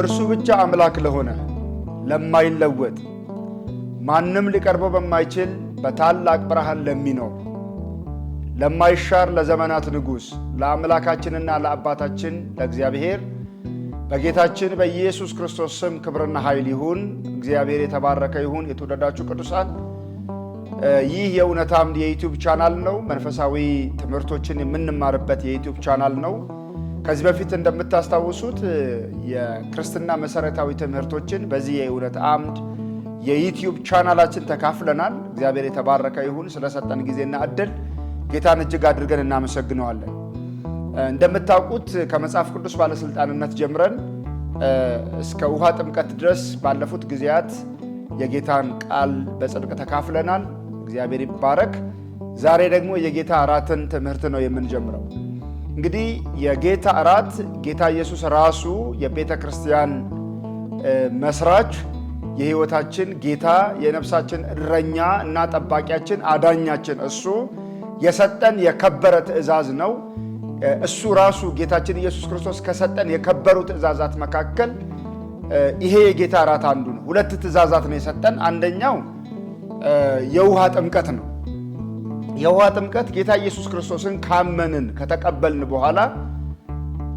እርሱ ብቻ አምላክ ለሆነ ለማይለወጥ ማንም ሊቀርበው በማይችል በታላቅ ብርሃን ለሚኖር ለማይሻር ለዘመናት ንጉሥ ለአምላካችንና ለአባታችን ለእግዚአብሔር በጌታችን በኢየሱስ ክርስቶስ ስም ክብርና ኃይል ይሁን። እግዚአብሔር የተባረከ ይሁን። የተወደዳችሁ ቅዱሳን፣ ይህ የእውነት አምድ የዩቲዩብ ቻናል ነው። መንፈሳዊ ትምህርቶችን የምንማርበት የዩቲዩብ ቻናል ነው። ከዚህ በፊት እንደምታስታውሱት የክርስትና መሰረታዊ ትምህርቶችን በዚህ የእውነት አምድ የዩትዩብ ቻናላችን ተካፍለናል። እግዚአብሔር የተባረከ ይሁን። ስለሰጠን ጊዜና እድል ጌታን እጅግ አድርገን እናመሰግነዋለን። እንደምታውቁት ከመጽሐፍ ቅዱስ ባለስልጣንነት ጀምረን እስከ ውሃ ጥምቀት ድረስ ባለፉት ጊዜያት የጌታን ቃል በጽድቅ ተካፍለናል። እግዚአብሔር ይባረክ። ዛሬ ደግሞ የጌታ እራትን ትምህርት ነው የምንጀምረው። እንግዲህ የጌታ እራት ጌታ ኢየሱስ ራሱ የቤተ ክርስቲያን መስራች የህይወታችን ጌታ የነፍሳችን እረኛ እና ጠባቂያችን አዳኛችን እሱ የሰጠን የከበረ ትእዛዝ ነው። እሱ ራሱ ጌታችን ኢየሱስ ክርስቶስ ከሰጠን የከበሩ ትእዛዛት መካከል ይሄ የጌታ እራት አንዱ ነው። ሁለት ትእዛዛት ነው የሰጠን። አንደኛው የውሃ ጥምቀት ነው። የውሃ ጥምቀት ጌታ ኢየሱስ ክርስቶስን ካመንን ከተቀበልን በኋላ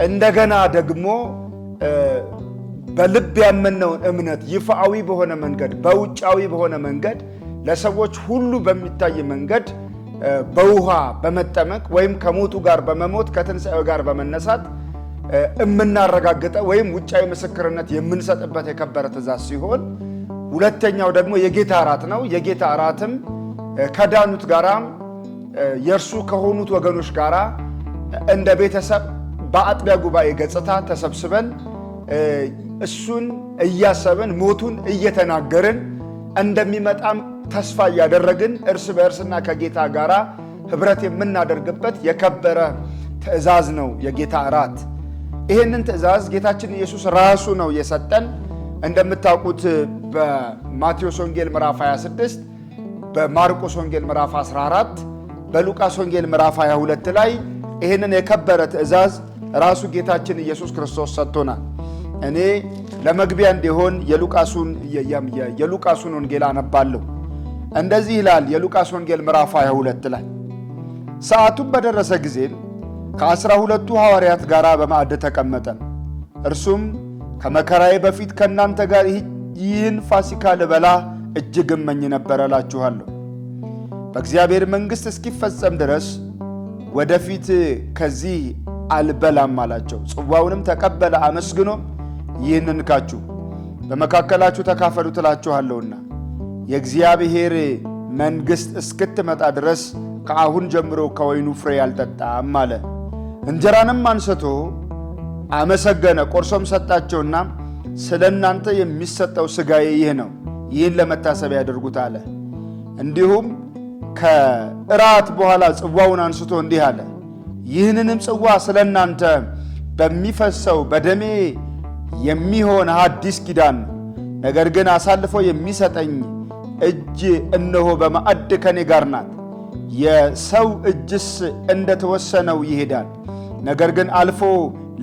እንደገና ደግሞ በልብ ያመነውን እምነት ይፋዊ በሆነ መንገድ በውጫዊ በሆነ መንገድ ለሰዎች ሁሉ በሚታይ መንገድ በውሃ በመጠመቅ ወይም ከሞቱ ጋር በመሞት ከትንሣኤው ጋር በመነሳት እምናረጋግጠ ወይም ውጫዊ ምስክርነት የምንሰጥበት የከበረ ትእዛዝ ሲሆን ሁለተኛው ደግሞ የጌታ እራት ነው። የጌታ እራትም ከዳኑት ጋራም የእርሱ ከሆኑት ወገኖች ጋር እንደ ቤተሰብ በአጥቢያ ጉባኤ ገጽታ ተሰብስበን እሱን እያሰብን ሞቱን እየተናገርን እንደሚመጣም ተስፋ እያደረግን እርስ በእርስና ከጌታ ጋር ህብረት የምናደርግበት የከበረ ትእዛዝ ነው የጌታ እራት። ይህንን ትእዛዝ ጌታችን ኢየሱስ ራሱ ነው የሰጠን። እንደምታውቁት በማቴዎስ ወንጌል ምዕራፍ 26 በማርቆስ ወንጌል ምዕራፍ 14 በሉቃስ ወንጌል ምዕራፍ 22 ላይ ይህንን የከበረ ትእዛዝ ራሱ ጌታችን ኢየሱስ ክርስቶስ ሰጥቶናል። እኔ ለመግቢያ እንዲሆን የሉቃሱን ወንጌል አነባለሁ። እንደዚህ ይላል የሉቃስ ወንጌል ምዕራፍ 22 ላይ ሰዓቱም በደረሰ ጊዜም ከአስራ ሁለቱ ሐዋርያት ጋር በማዕድ ተቀመጠ። እርሱም ከመከራዬ በፊት ከእናንተ ጋር ይህን ፋሲካ ልበላ እጅግ እመኝ ነበር እላችኋለሁ በእግዚአብሔር መንግሥት እስኪፈጸም ድረስ ወደፊት ከዚህ አልበላም አላቸው። ጽዋውንም ተቀበለ አመስግኖ፣ ይህንን ካችሁ በመካከላችሁ ተካፈሉ ትላችኋለሁና የእግዚአብሔር መንግሥት እስክትመጣ ድረስ ከአሁን ጀምሮ ከወይኑ ፍሬ አልጠጣም አለ። እንጀራንም አንስቶ አመሰገነ፣ ቆርሶም ሰጣቸውና ስለ እናንተ የሚሰጠው ሥጋዬ ይህ ነው፣ ይህን ለመታሰቢያ ያደርጉት አለ። እንዲሁም ከእራት በኋላ ጽዋውን አንስቶ እንዲህ አለ፣ ይህንንም ጽዋ ስለ እናንተ በሚፈሰው በደሜ የሚሆን አዲስ ኪዳን ነው። ነገር ግን አሳልፎ የሚሰጠኝ እጅ እነሆ በማዕድ ከኔ ጋር ናት። የሰው እጅስ እንደተወሰነው ይሄዳል። ነገር ግን አልፎ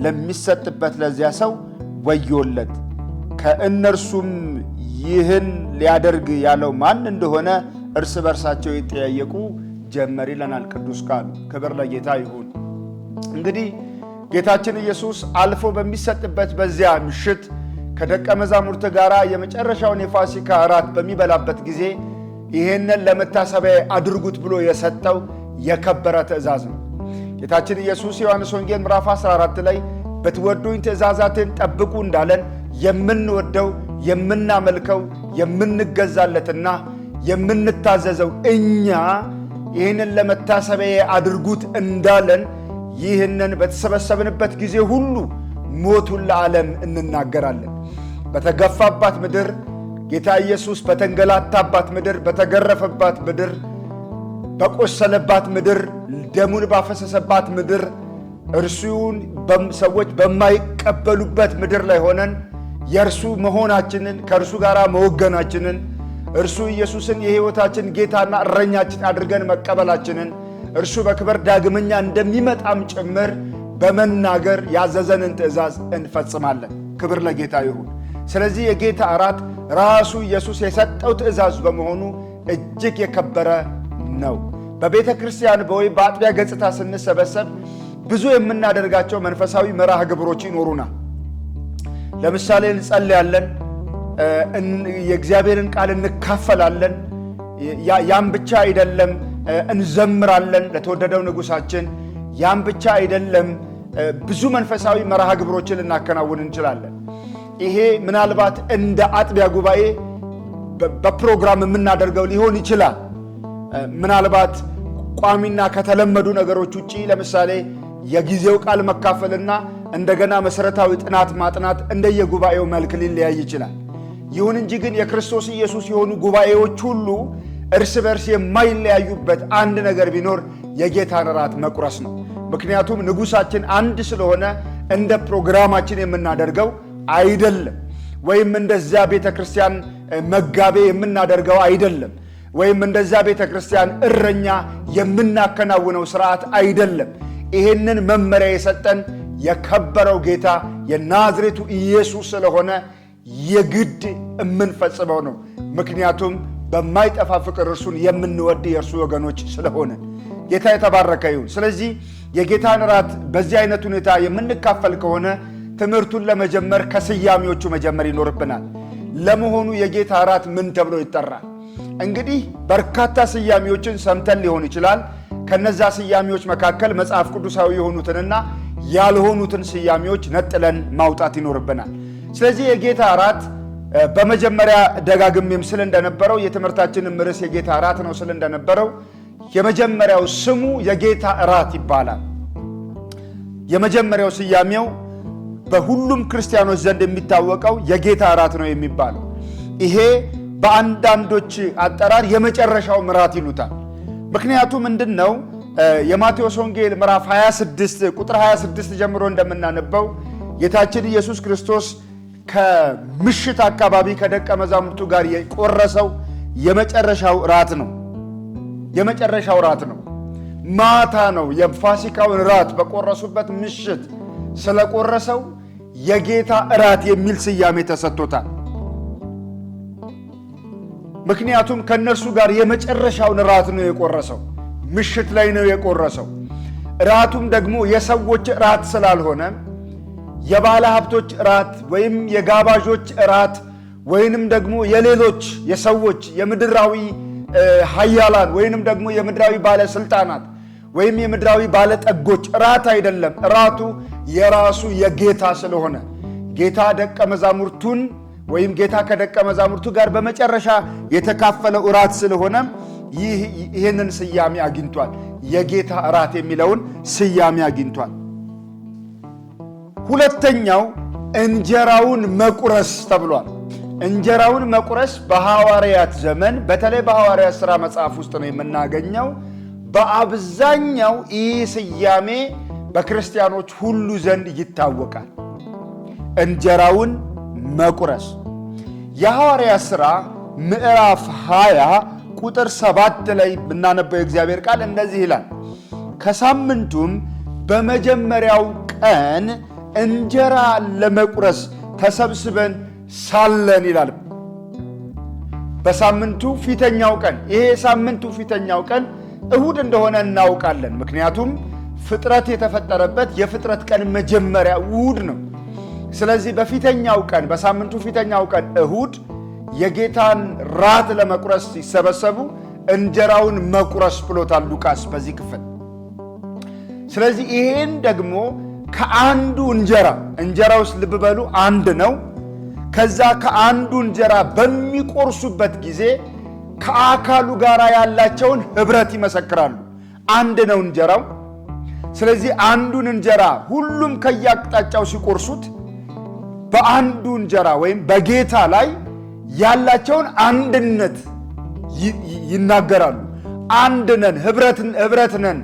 ለሚሰጥበት ለዚያ ሰው ወዮለት። ከእነርሱም ይህን ሊያደርግ ያለው ማን እንደሆነ እርስ በርሳቸው ይጠያየቁ ጀመር ይለናል ቅዱስ ቃል። ክብር ለጌታ ይሁን። እንግዲህ ጌታችን ኢየሱስ አልፎ በሚሰጥበት በዚያ ምሽት ከደቀ መዛሙርት ጋር የመጨረሻውን የፋሲካ እራት በሚበላበት ጊዜ ይህንን ለመታሰቢያ አድርጉት ብሎ የሰጠው የከበረ ትእዛዝ ነው። ጌታችን ኢየሱስ ዮሐንስ ወንጌል ምዕራፍ 14 ላይ ብትወዱኝ ትእዛዛትን ጠብቁ እንዳለን የምንወደው የምናመልከው የምንገዛለትና የምንታዘዘው እኛ ይህንን ለመታሰቢያ አድርጉት እንዳለን ይህንን በተሰበሰብንበት ጊዜ ሁሉ ሞቱን ለዓለም እንናገራለን። በተገፋባት ምድር ጌታ ኢየሱስ በተንገላታባት ምድር፣ በተገረፈባት ምድር፣ በቆሰለባት ምድር፣ ደሙን ባፈሰሰባት ምድር፣ እርሱን ሰዎች በማይቀበሉበት ምድር ላይ ሆነን የእርሱ መሆናችንን ከእርሱ ጋር መወገናችንን እርሱ ኢየሱስን የሕይወታችን ጌታና እረኛችን አድርገን መቀበላችንን እርሱ በክብር ዳግመኛ እንደሚመጣም ጭምር በመናገር ያዘዘንን ትእዛዝ እንፈጽማለን። ክብር ለጌታ ይሁን። ስለዚህ የጌታ እራት ራሱ ኢየሱስ የሰጠው ትእዛዝ በመሆኑ እጅግ የከበረ ነው። በቤተ ክርስቲያን ወይም በአጥቢያ ገጽታ ስንሰበሰብ ብዙ የምናደርጋቸው መንፈሳዊ መርሃ ግብሮች ይኖሩናል። ለምሳሌ እንጸልያለን። የእግዚአብሔርን ቃል እንካፈላለን። ያም ብቻ አይደለም፣ እንዘምራለን ለተወደደው ንጉሳችን። ያም ብቻ አይደለም፣ ብዙ መንፈሳዊ መርሃ ግብሮችን ልናከናውን እንችላለን። ይሄ ምናልባት እንደ አጥቢያ ጉባኤ በፕሮግራም የምናደርገው ሊሆን ይችላል። ምናልባት ቋሚና ከተለመዱ ነገሮች ውጭ ለምሳሌ የጊዜው ቃል መካፈልና እንደገና መሰረታዊ ጥናት ማጥናት እንደየጉባኤው መልክ ሊለያይ ይችላል። ይሁን እንጂ ግን የክርስቶስ ኢየሱስ የሆኑ ጉባኤዎች ሁሉ እርስ በርስ የማይለያዩበት አንድ ነገር ቢኖር የጌታን ራት መቁረስ ነው። ምክንያቱም ንጉሳችን አንድ ስለሆነ እንደ ፕሮግራማችን የምናደርገው አይደለም፣ ወይም እንደዚያ ቤተ ክርስቲያን መጋቤ የምናደርገው አይደለም፣ ወይም እንደዛ ቤተ ክርስቲያን እረኛ የምናከናውነው ስርዓት አይደለም። ይሄንን መመሪያ የሰጠን የከበረው ጌታ የናዝሬቱ ኢየሱስ ስለሆነ የግድ የምንፈጽመው ነው። ምክንያቱም በማይጠፋ ፍቅር እርሱን የምንወድ የእርሱ ወገኖች ስለሆነ ጌታ የተባረከ ይሁን። ስለዚህ የጌታን እራት በዚህ አይነት ሁኔታ የምንካፈል ከሆነ ትምህርቱን ለመጀመር ከስያሜዎቹ መጀመር ይኖርብናል። ለመሆኑ የጌታ እራት ምን ተብሎ ይጠራል? እንግዲህ በርካታ ስያሜዎችን ሰምተን ሊሆን ይችላል። ከነዛ ስያሜዎች መካከል መጽሐፍ ቅዱሳዊ የሆኑትንና ያልሆኑትን ስያሜዎች ነጥለን ማውጣት ይኖርብናል። ስለዚህ የጌታ እራት በመጀመሪያ ደጋግሜም ስል እንደነበረው የትምህርታችንም ርዕስ የጌታ እራት ነው ስል እንደነበረው የመጀመሪያው ስሙ የጌታ እራት ይባላል። የመጀመሪያው ስያሜው በሁሉም ክርስቲያኖች ዘንድ የሚታወቀው የጌታ እራት ነው የሚባለው። ይሄ በአንዳንዶች አጠራር የመጨረሻው ምራት ይሉታል። ምክንያቱ ምንድን ነው? የማቴዎስ ወንጌል ምዕራፍ 26 ቁጥር 26 ጀምሮ እንደምናነበው ጌታችን ኢየሱስ ክርስቶስ ከምሽት አካባቢ ከደቀ መዛሙርቱ ጋር የቆረሰው የመጨረሻው ራት ነው። የመጨረሻው ራት ነው። ማታ ነው የፋሲካውን ራት በቆረሱበት ምሽት ስለቆረሰው የጌታ እራት የሚል ስያሜ ተሰጥቶታል። ምክንያቱም ከእነርሱ ጋር የመጨረሻውን ራት ነው የቆረሰው። ምሽት ላይ ነው የቆረሰው። ራቱም ደግሞ የሰዎች ራት ስላልሆነ የባለ ሀብቶች እራት ወይም የጋባዦች እራት ወይንም ደግሞ የሌሎች የሰዎች የምድራዊ ሀያላን ወይንም ደግሞ የምድራዊ ባለስልጣናት ወይም የምድራዊ ባለጠጎች እራት አይደለም። እራቱ የራሱ የጌታ ስለሆነ ጌታ ደቀ መዛሙርቱን ወይም ጌታ ከደቀ መዛሙርቱ ጋር በመጨረሻ የተካፈለው እራት ስለሆነ ይህንን ስያሜ አግኝቷል። የጌታ እራት የሚለውን ስያሜ አግኝቷል። ሁለተኛው እንጀራውን መቁረስ ተብሏል። እንጀራውን መቁረስ በሐዋርያት ዘመን በተለይ በሐዋርያት ሥራ መጽሐፍ ውስጥ ነው የምናገኘው። በአብዛኛው ይህ ስያሜ በክርስቲያኖች ሁሉ ዘንድ ይታወቃል። እንጀራውን መቁረስ የሐዋርያ ሥራ ምዕራፍ 20 ቁጥር 7 ላይ ብናነበው የእግዚአብሔር ቃል እንደዚህ ይላል። ከሳምንቱም በመጀመሪያው ቀን እንጀራ ለመቁረስ ተሰብስበን ሳለን ይላል። በሳምንቱ ፊተኛው ቀን ይሄ የሳምንቱ ፊተኛው ቀን እሁድ እንደሆነ እናውቃለን። ምክንያቱም ፍጥረት የተፈጠረበት የፍጥረት ቀን መጀመሪያ እሁድ ነው። ስለዚህ በፊተኛው ቀን በሳምንቱ ፊተኛው ቀን እሁድ የጌታን ራት ለመቁረስ ሲሰበሰቡ እንጀራውን መቁረስ ብሎታል ሉቃስ በዚህ ክፍል። ስለዚህ ይሄን ደግሞ ከአንዱ እንጀራ እንጀራ ውስጥ ልብ በሉ አንድ ነው። ከዛ ከአንዱ እንጀራ በሚቆርሱበት ጊዜ ከአካሉ ጋር ያላቸውን ኅብረት ይመሰክራሉ። አንድ ነው እንጀራው። ስለዚህ አንዱን እንጀራ ሁሉም ከየአቅጣጫው ሲቆርሱት በአንዱ እንጀራ ወይም በጌታ ላይ ያላቸውን አንድነት ይናገራሉ። አንድ ነን፣ ኅብረት ነን፣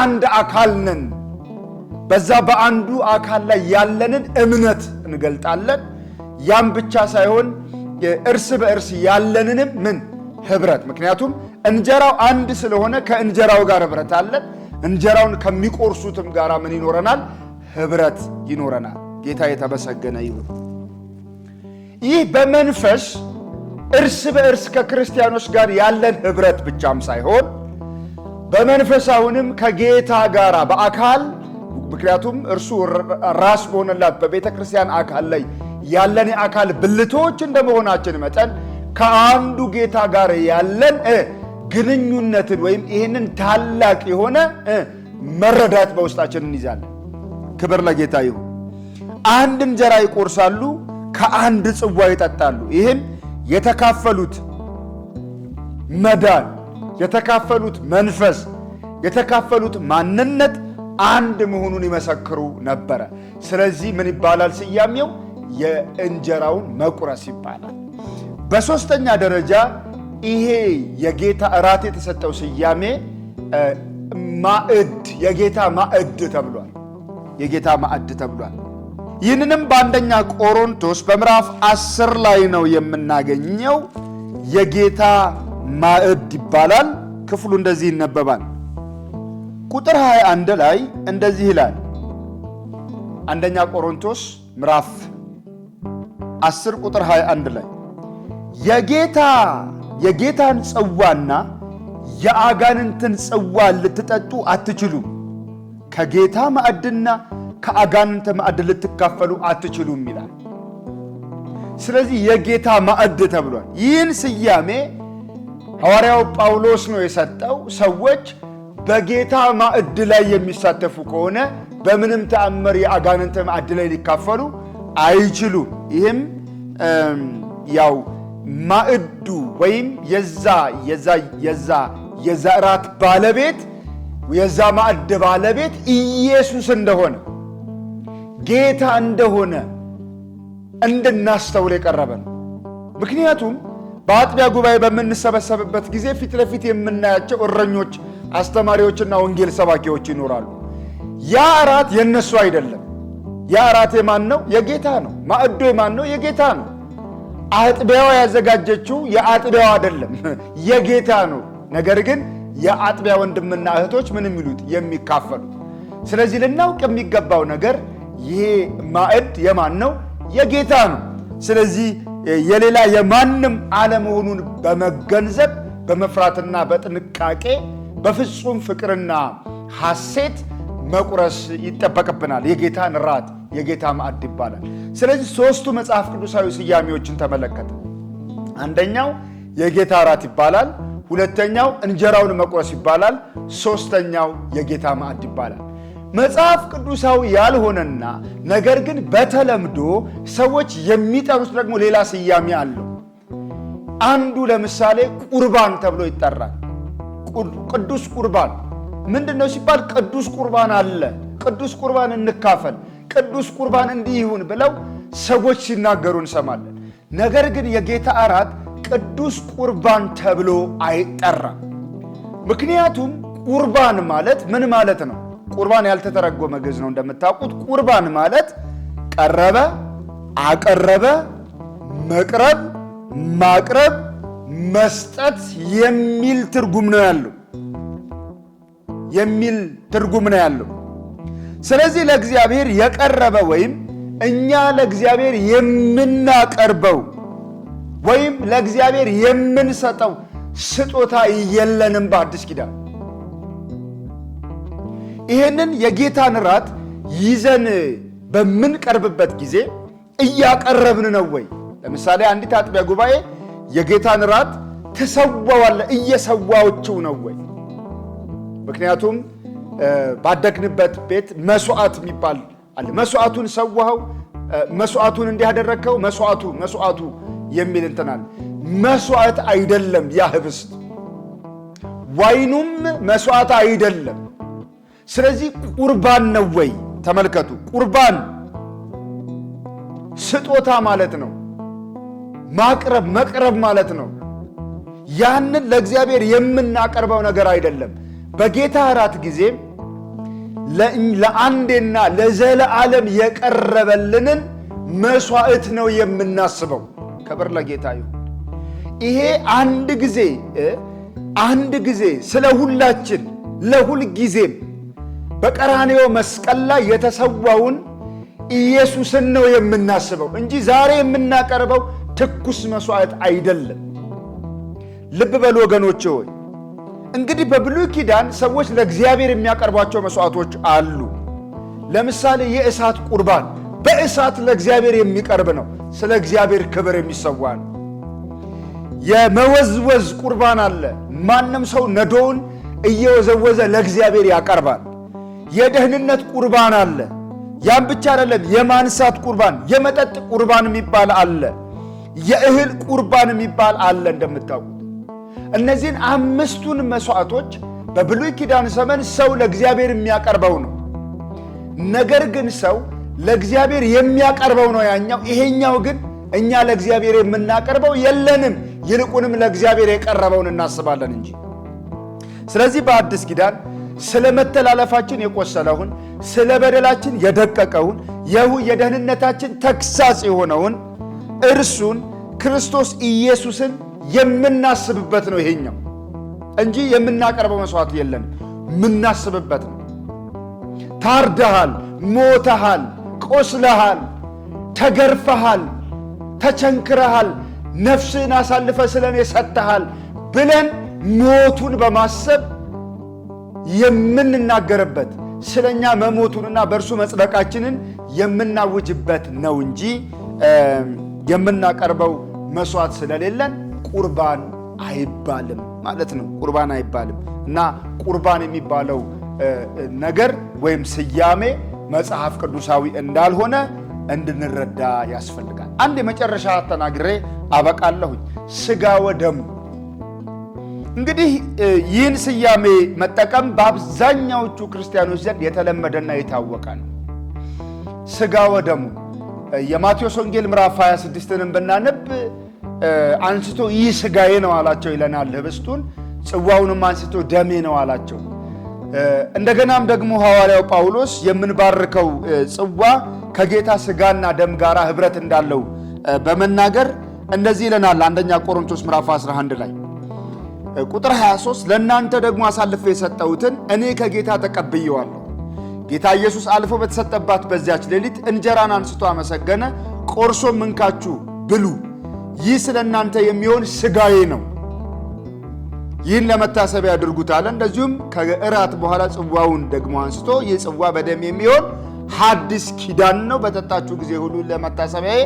አንድ አካል ነን በዛ በአንዱ አካል ላይ ያለንን እምነት እንገልጣለን። ያም ብቻ ሳይሆን እርስ በእርስ ያለንንም ምን ህብረት፣ ምክንያቱም እንጀራው አንድ ስለሆነ ከእንጀራው ጋር ህብረት አለን። እንጀራውን ከሚቆርሱትም ጋር ምን ይኖረናል? ህብረት ይኖረናል። ጌታ የተመሰገነ ይሁን። ይህ በመንፈስ እርስ በእርስ ከክርስቲያኖች ጋር ያለን ህብረት ብቻም ሳይሆን በመንፈስ አሁንም ከጌታ ጋር በአካል ምክንያቱም እርሱ ራስ በሆነላት በቤተ ክርስቲያን አካል ላይ ያለን አካል ብልቶች እንደመሆናችን መጠን ከአንዱ ጌታ ጋር ያለን ግንኙነትን ወይም ይህንን ታላቅ የሆነ መረዳት በውስጣችን እንይዛለን። ክብር ለጌታ ይሁን። አንድ እንጀራ ይቆርሳሉ፣ ከአንድ ጽዋ ይጠጣሉ። ይህም የተካፈሉት መዳን፣ የተካፈሉት መንፈስ፣ የተካፈሉት ማንነት አንድ መሆኑን ይመሰክሩ ነበረ። ስለዚህ ምን ይባላል ስያሜው? የእንጀራውን መቁረስ ይባላል። በሦስተኛ ደረጃ ይሄ የጌታ እራት የተሰጠው ስያሜ ማዕድ፣ የጌታ ማዕድ ተብሏል። የጌታ ማዕድ ተብሏል። ይህንንም በአንደኛ ቆሮንቶስ በምዕራፍ አስር ላይ ነው የምናገኘው። የጌታ ማዕድ ይባላል። ክፍሉ እንደዚህ ይነበባል። ቁጥር 21 ላይ እንደዚህ ይላል። አንደኛ ቆሮንቶስ ምዕራፍ 10 ቁጥር 21 ላይ የጌታ የጌታን ጽዋና የአጋንንትን ጽዋ ልትጠጡ አትችሉም፣ ከጌታ ማዕድና ከአጋንንት ማዕድ ልትካፈሉ አትችሉም ይላል። ስለዚህ የጌታ ማዕድ ተብሏል። ይህን ስያሜ ሐዋርያው ጳውሎስ ነው የሰጠው ሰዎች በጌታ ማዕድ ላይ የሚሳተፉ ከሆነ በምንም ተአምር የአጋንንተ ማዕድ ላይ ሊካፈሉ አይችሉም። ይህም ያው ማዕዱ ወይም የዛ የዛ የዛ የዛ እራት ባለቤት የዛ ማዕድ ባለቤት ኢየሱስ እንደሆነ ጌታ እንደሆነ እንድናስተውል የቀረበ ነው። ምክንያቱም በአጥቢያ ጉባኤ በምንሰበሰብበት ጊዜ ፊት ለፊት የምናያቸው እረኞች አስተማሪዎችና ወንጌል ሰባኪዎች ይኖራሉ። ያ እራት የእነሱ አይደለም። ያ እራት የማን ነው? የጌታ ነው። ማዕዶ የማን ነው? የጌታ ነው። አጥቢያዋ ያዘጋጀችው የአጥቢያው አይደለም፣ የጌታ ነው። ነገር ግን የአጥቢያ ወንድምና እህቶች ምን የሚሉት የሚካፈሉት። ስለዚህ ልናውቅ የሚገባው ነገር ይሄ ማዕድ የማን ነው? የጌታ ነው። ስለዚህ የሌላ የማንም አለመሆኑን በመገንዘብ በመፍራትና በጥንቃቄ በፍጹም ፍቅርና ሐሴት መቁረስ ይጠበቅብናል። የጌታን ራት የጌታ ማዕድ ይባላል። ስለዚህ ሦስቱ መጽሐፍ ቅዱሳዊ ስያሜዎችን ተመለከተ። አንደኛው የጌታ ራት ይባላል። ሁለተኛው እንጀራውን መቁረስ ይባላል። ሦስተኛው የጌታ ማዕድ ይባላል። መጽሐፍ ቅዱሳዊ ያልሆነና ነገር ግን በተለምዶ ሰዎች የሚጠሩት ደግሞ ሌላ ስያሜ አለው። አንዱ ለምሳሌ ቁርባን ተብሎ ይጠራል። ቅዱስ ቁርባን ምንድን ነው ሲባል ቅዱስ ቁርባን አለ፣ ቅዱስ ቁርባን እንካፈል፣ ቅዱስ ቁርባን እንዲህ ይሁን ብለው ሰዎች ሲናገሩ እንሰማለን። ነገር ግን የጌታ እራት ቅዱስ ቁርባን ተብሎ አይጠራም። ምክንያቱም ቁርባን ማለት ምን ማለት ነው? ቁርባን ያልተተረጎመ ግዕዝ ነው እንደምታውቁት። ቁርባን ማለት ቀረበ፣ አቀረበ፣ መቅረብ፣ ማቅረብ መስጠት የሚል ትርጉም ነው ያለው የሚል ትርጉም ነው ያለው። ስለዚህ ለእግዚአብሔር የቀረበ ወይም እኛ ለእግዚአብሔር የምናቀርበው ወይም ለእግዚአብሔር የምንሰጠው ስጦታ የለንም በአዲስ ኪዳን። ይህንን የጌታን ራት ይዘን በምንቀርብበት ጊዜ እያቀረብን ነው ወይ? ለምሳሌ አንዲት አጥቢያ ጉባኤ የጌታን ራት ትሰዋዋለህ? እየሰዋዎችው ነው ወይ? ምክንያቱም ባደግንበት ቤት መስዋዕት የሚባል አለ። መስዋዕቱን ሰዋኸው፣ መስዋዕቱን እንዲያደረግከው፣ መስዋዕቱ መስዋዕቱ የሚል እንትናል። መስዋዕት አይደለም ያ ህብስት፣ ዋይኑም መስዋዕት አይደለም። ስለዚህ ቁርባን ነው ወይ? ተመልከቱ፣ ቁርባን ስጦታ ማለት ነው። ማቅረብ መቅረብ ማለት ነው። ያንን ለእግዚአብሔር የምናቀርበው ነገር አይደለም። በጌታ እራት ጊዜ ለአንዴና ለዘለዓለም የቀረበልንን መስዋዕት ነው የምናስበው። ክብር ለጌታ ይሁን። ይሄ አንድ ጊዜ አንድ ጊዜ ስለ ሁላችን ለሁል ጊዜም በቀራንዮ መስቀል ላይ የተሰዋውን ኢየሱስን ነው የምናስበው እንጂ ዛሬ የምናቀርበው ትኩስ መሥዋዕት አይደለም። ልብ በሉ ወገኖች ሆይ እንግዲህ በብሉይ ኪዳን ሰዎች ለእግዚአብሔር የሚያቀርቧቸው መሥዋዕቶች አሉ። ለምሳሌ የእሳት ቁርባን በእሳት ለእግዚአብሔር የሚቀርብ ነው። ስለ እግዚአብሔር ክብር የሚሰዋ ነው። የመወዝወዝ ቁርባን አለ። ማንም ሰው ነዶውን እየወዘወዘ ለእግዚአብሔር ያቀርባል። የደህንነት ቁርባን አለ። ያም ብቻ አይደለም፣ የማንሳት ቁርባን፣ የመጠጥ ቁርባን የሚባል አለ። የእህል ቁርባን የሚባል አለ እንደምታውቁት። እነዚህን አምስቱን መስዋዕቶች በብሉይ ኪዳን ዘመን ሰው ለእግዚአብሔር የሚያቀርበው ነው። ነገር ግን ሰው ለእግዚአብሔር የሚያቀርበው ነው ያኛው። ይሄኛው ግን እኛ ለእግዚአብሔር የምናቀርበው የለንም። ይልቁንም ለእግዚአብሔር የቀረበውን እናስባለን እንጂ። ስለዚህ በአዲስ ኪዳን ስለ መተላለፋችን የቆሰለውን፣ ስለ በደላችን የደቀቀውን፣ የሁ የደህንነታችን ተግሳጽ የሆነውን እርሱን ክርስቶስ ኢየሱስን የምናስብበት ነው ይሄኛው፣ እንጂ የምናቀርበው መስዋዕት የለም። የምናስብበት ነው። ታርደሃል፣ ሞተሃል፣ ቆስለሃል፣ ተገርፈሃል፣ ተቸንክረሃል፣ ነፍስህን አሳልፈ ስለኔ ሰጥተሃል ብለን ሞቱን በማሰብ የምንናገርበት ስለኛ መሞቱንና በእርሱ መጽደቃችንን የምናውጅበት ነው እንጂ የምናቀርበው መስዋዕት ስለሌለን ቁርባን አይባልም ማለት ነው። ቁርባን አይባልም እና ቁርባን የሚባለው ነገር ወይም ስያሜ መጽሐፍ ቅዱሳዊ እንዳልሆነ እንድንረዳ ያስፈልጋል። አንድ የመጨረሻ ተናግሬ አበቃለሁኝ። ስጋ ወደሙ እንግዲህ ይህን ስያሜ መጠቀም በአብዛኛዎቹ ክርስቲያኖች ዘንድ የተለመደና የታወቀ ነው። ስጋ ወደሙ የማቴዎስ ወንጌል ምዕራፍ 26 ን ብናነብ አንስቶ ይህ ስጋዬ ነው አላቸው ይለናል። ህብስቱን ጽዋውንም አንስቶ ደሜ ነው አላቸው። እንደገናም ደግሞ ሐዋርያው ጳውሎስ የምንባርከው ጽዋ ከጌታ ስጋና ደም ጋር ህብረት እንዳለው በመናገር እንደዚህ ይለናል። አንደኛ ቆሮንቶስ ምዕራፍ 11 ላይ ቁጥር 23 ለእናንተ ደግሞ አሳልፌ የሰጠሁትን እኔ ከጌታ ተቀብየዋለሁ ጌታ ኢየሱስ አልፎ በተሰጠባት በዚያች ሌሊት እንጀራን አንስቶ አመሰገነ፣ ቆርሶ ምንካችሁ ብሉ፣ ይህ ስለ እናንተ የሚሆን ሥጋዬ ነው፣ ይህን ለመታሰቢያ አድርጉት አለ። እንደዚሁም ከእራት በኋላ ጽዋውን ደግሞ አንስቶ ይህ ጽዋ በደም የሚሆን ሐዲስ ኪዳን ነው፣ በጠጣችሁ ጊዜ ሁሉ ለመታሰቢያዬ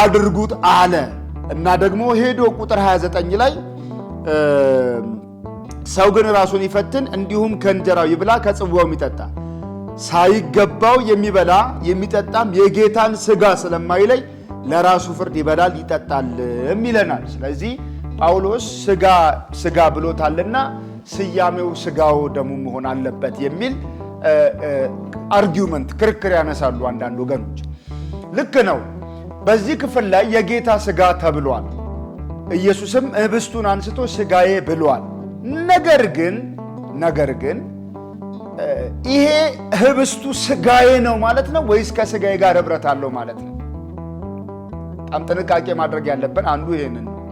አድርጉት አለ እና ደግሞ ሄዶ ቁጥር 29 ላይ ሰው ግን ራሱን ይፈትን፣ እንዲሁም ከእንጀራው ይብላ ከጽዋውም ይጠጣል። ሳይገባው የሚበላ የሚጠጣም የጌታን ስጋ ስለማይለይ ለራሱ ፍርድ ይበላል ይጠጣልም ይለናል። ስለዚህ ጳውሎስ ስጋ ስጋ ብሎታልና ስያሜው ስጋው ደሙ መሆን አለበት የሚል አርጊመንት ክርክር ያነሳሉ አንዳንድ ወገኖች። ልክ ነው። በዚህ ክፍል ላይ የጌታ ስጋ ተብሏል። ኢየሱስም ህብስቱን አንስቶ ስጋዬ ብሏል። ነገር ግን ነገር ግን ይሄ ህብስቱ ስጋዬ ነው ማለት ነው ወይስ ከስጋዬ ጋር ህብረት አለው ማለት ነው? በጣም ጥንቃቄ ማድረግ ያለብን አንዱ ይህንን ነው።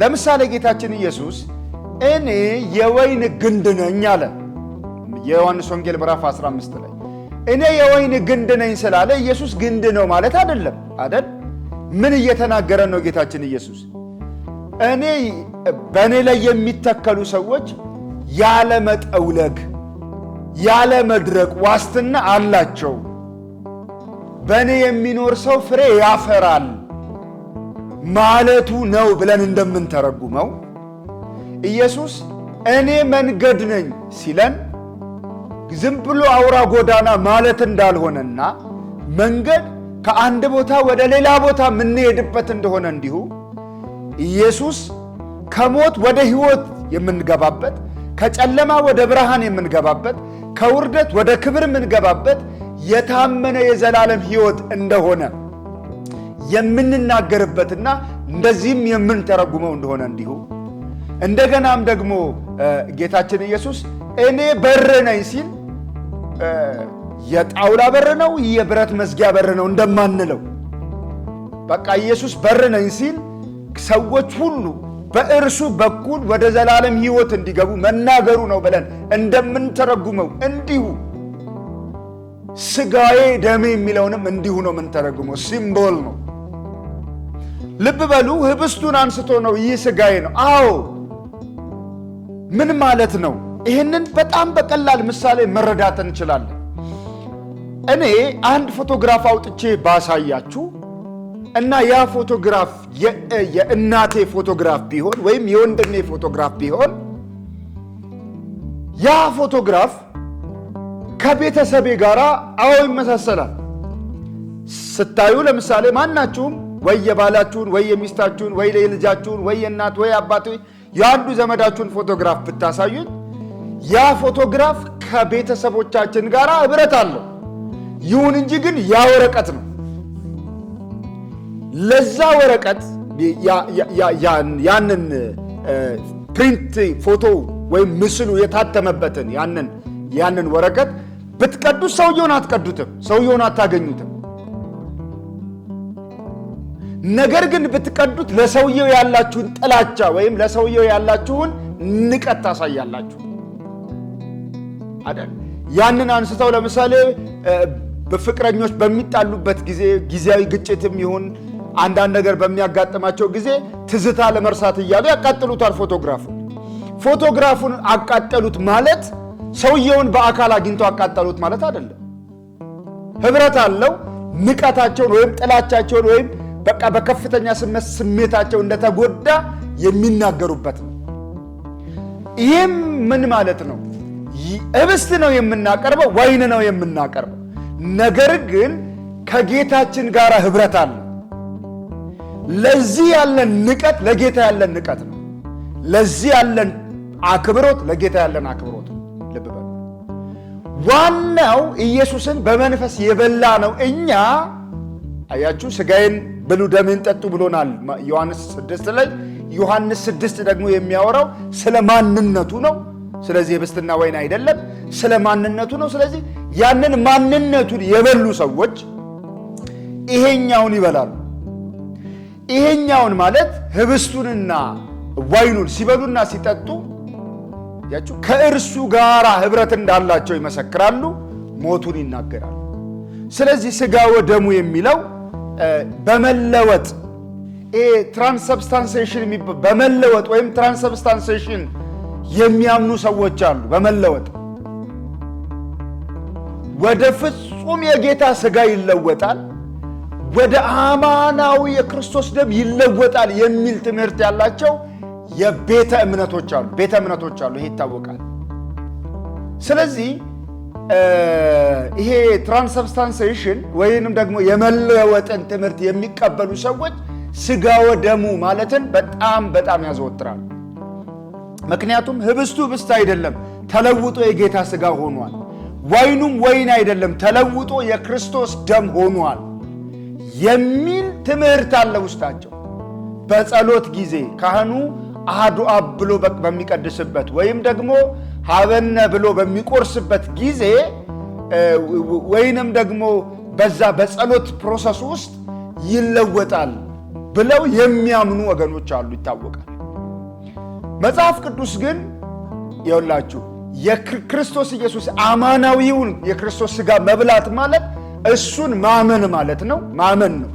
ለምሳሌ ጌታችን ኢየሱስ እኔ የወይን ግንድ ነኝ አለ። የዮሐንስ ወንጌል ምዕራፍ 15 ላይ እኔ የወይን ግንድ ነኝ ስላለ ኢየሱስ ግንድ ነው ማለት አይደለም አደል? ምን እየተናገረ ነው ጌታችን ኢየሱስ? እኔ በእኔ ላይ የሚተከሉ ሰዎች ያለ መጠውለግ ያለ መድረቅ ዋስትና አላቸው። በእኔ የሚኖር ሰው ፍሬ ያፈራል ማለቱ ነው ብለን እንደምንተረጉመው ኢየሱስ እኔ መንገድ ነኝ ሲለን ዝም ብሎ አውራ ጎዳና ማለት እንዳልሆነና መንገድ ከአንድ ቦታ ወደ ሌላ ቦታ የምንሄድበት እንደሆነ እንዲሁ ኢየሱስ ከሞት ወደ ሕይወት የምንገባበት ከጨለማ ወደ ብርሃን የምንገባበት ከውርደት ወደ ክብር የምንገባበት የታመነ የዘላለም ሕይወት እንደሆነ የምንናገርበትና እንደዚህም የምንተረጉመው እንደሆነ እንዲሁ እንደገናም ደግሞ ጌታችን ኢየሱስ እኔ በር ነኝ ሲል የጣውላ በር ነው የብረት መዝጊያ በር ነው እንደማንለው፣ በቃ ኢየሱስ በር ነኝ ሲል ሰዎች ሁሉ በእርሱ በኩል ወደ ዘላለም ሕይወት እንዲገቡ መናገሩ ነው ብለን እንደምንተረጉመው እንዲሁ ስጋዬ ደሜ የሚለውንም እንዲሁ ነው የምንተረጉመው። ሲምቦል ነው። ልብ በሉ። ህብስቱን አንስቶ ነው ይህ ስጋዬ ነው። አዎ ምን ማለት ነው? ይህንን በጣም በቀላል ምሳሌ መረዳት እንችላለን። እኔ አንድ ፎቶግራፍ አውጥቼ ባሳያችሁ እና ያ ፎቶግራፍ የእናቴ ፎቶግራፍ ቢሆን ወይም የወንድሜ ፎቶግራፍ ቢሆን ያ ፎቶግራፍ ከቤተሰቤ ጋር አዎ ይመሳሰላል። ስታዩ ለምሳሌ ማናችሁም ወይ የባላችሁን ወይ የሚስታችሁን ወይ የልጃችሁን ወይ የእናት ወይ አባት የአንዱ ዘመዳችሁን ፎቶግራፍ ብታሳዩት ያ ፎቶግራፍ ከቤተሰቦቻችን ጋር እብረት አለው። ይሁን እንጂ ግን ያ ወረቀት ነው። ለዛ ወረቀት ያንን ፕሪንት ፎቶ ወይም ምስሉ የታተመበትን ያንን ያንን ወረቀት ብትቀዱት ሰውየውን አትቀዱትም፣ ሰውየውን አታገኙትም። ነገር ግን ብትቀዱት ለሰውየው ያላችሁን ጥላቻ ወይም ለሰውየው ያላችሁን ንቀት ታሳያላችሁ አይደል? ያንን አንስተው ለምሳሌ በፍቅረኞች በሚጣሉበት ጊዜ ጊዜያዊ ግጭትም ይሁን አንዳንድ ነገር በሚያጋጥማቸው ጊዜ ትዝታ ለመርሳት እያሉ ያቃጥሉታል ፎቶግራፉን። ፎቶግራፉን አቃጠሉት ማለት ሰውየውን በአካል አግኝቶ አቃጠሉት ማለት አይደለም። ህብረት አለው። ንቀታቸውን ወይም ጥላቻቸውን ወይም በቃ በከፍተኛ ስሜታቸው እንደተጎዳ የሚናገሩበት ነው። ይህም ምን ማለት ነው? ህብስት ነው የምናቀርበው፣ ወይን ነው የምናቀርበው። ነገር ግን ከጌታችን ጋር ህብረት አለ። ለዚህ ያለን ንቀት ለጌታ ያለን ንቀት ነው። ለዚህ ያለን አክብሮት ለጌታ ያለን አክብሮት ልብ በሉ። ዋናው ኢየሱስን በመንፈስ የበላ ነው። እኛ አያችሁ ስጋዬን ብሉ ደሜን ጠጡ ብሎናል ዮሐንስ ስድስት ላይ። ዮሐንስ ስድስት ደግሞ የሚያወራው ስለ ማንነቱ ነው። ስለዚህ የብስትና ወይን አይደለም፣ ስለ ማንነቱ ነው። ስለዚህ ያንን ማንነቱን የበሉ ሰዎች ይሄኛውን ይበላሉ። ይሄኛውን ማለት ህብስቱንና ዋይኑን ሲበሉና ሲጠጡ ያችሁ ከእርሱ ጋር ህብረት እንዳላቸው ይመሰክራሉ፣ ሞቱን ይናገራሉ። ስለዚህ ስጋ ወደሙ የሚለው በመለወጥ ይሄ ትራንስሰብስታንሴሽን በመለወጥ ወይም ትራንስሰብስታንሴሽን የሚያምኑ ሰዎች አሉ። በመለወጥ ወደ ፍጹም የጌታ ስጋ ይለወጣል። ወደ አማናዊ የክርስቶስ ደም ይለወጣል የሚል ትምህርት ያላቸው የቤተ እምነቶች አሉ። ቤተ እምነቶች አሉ። ይሄ ይታወቃል። ስለዚህ ይሄ ትራንስብስታንሴሽን ወይንም ደግሞ የመለወጥን ትምህርት የሚቀበሉ ሰዎች ስጋወ ደሙ ማለትን በጣም በጣም ያዘወትራል። ምክንያቱም ህብስቱ ህብስት አይደለም፣ ተለውጦ የጌታ ስጋ ሆኗል። ወይኑም ወይን አይደለም፣ ተለውጦ የክርስቶስ ደም ሆኗል። የሚል ትምህርት አለ ውስጣቸው። በጸሎት ጊዜ ካህኑ አሐዱ አብ ብሎ በሚቀድስበት ወይም ደግሞ ሀበነ ብሎ በሚቆርስበት ጊዜ ወይንም ደግሞ በዛ በጸሎት ፕሮሰስ ውስጥ ይለወጣል ብለው የሚያምኑ ወገኖች አሉ፣ ይታወቃል። መጽሐፍ ቅዱስ ግን የውላችሁ የክርስቶስ ኢየሱስ አማናዊውን የክርስቶስ ሥጋ መብላት ማለት እሱን ማመን ማለት ነው። ማመን ነው።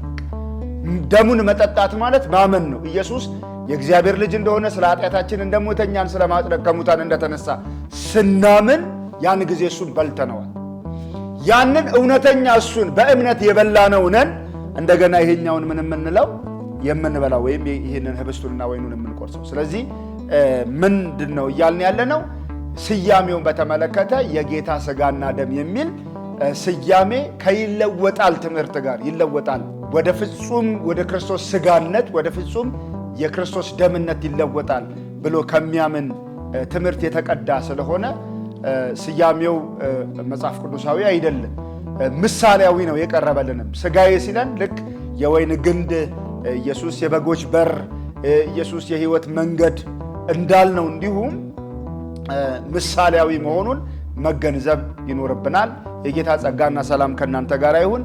ደሙን መጠጣት ማለት ማመን ነው። ኢየሱስ የእግዚአብሔር ልጅ እንደሆነ ስለ ኃጢአታችን እንደሞተኛን ስለ ማጽደቅ ከሙታን እንደተነሳ ስናምን ያን ጊዜ እሱን በልተነዋል። ያንን እውነተኛ እሱን በእምነት የበላነው ነን። እንደገና ይሄኛውን ምን የምንለው የምንበላው ወይም ይህንን ህብስቱንና ወይኑን የምንቆርሰው። ስለዚህ ምንድን ነው እያልን ያለ ነው? ስያሜውን በተመለከተ የጌታ ስጋና ደም የሚል ስያሜ ከይለወጣል ትምህርት ጋር ይለወጣል። ወደ ፍጹም ወደ ክርስቶስ ስጋነት ወደ ፍጹም የክርስቶስ ደምነት ይለወጣል ብሎ ከሚያምን ትምህርት የተቀዳ ስለሆነ ስያሜው መጽሐፍ ቅዱሳዊ አይደለም፣ ምሳሌያዊ ነው። የቀረበልንም ስጋዬ ሲለን ልክ የወይን ግንድ ኢየሱስ የበጎች በር ኢየሱስ የህይወት መንገድ እንዳልነው እንዲሁም ምሳሌያዊ መሆኑን መገንዘብ ይኖርብናል። የጌታ ጸጋና ሰላም ከእናንተ ጋር ይሁን።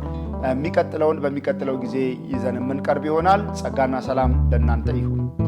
የሚቀጥለውን በሚቀጥለው ጊዜ ይዘን የምንቀርብ ይሆናል። ጸጋና ሰላም ለእናንተ ይሁን።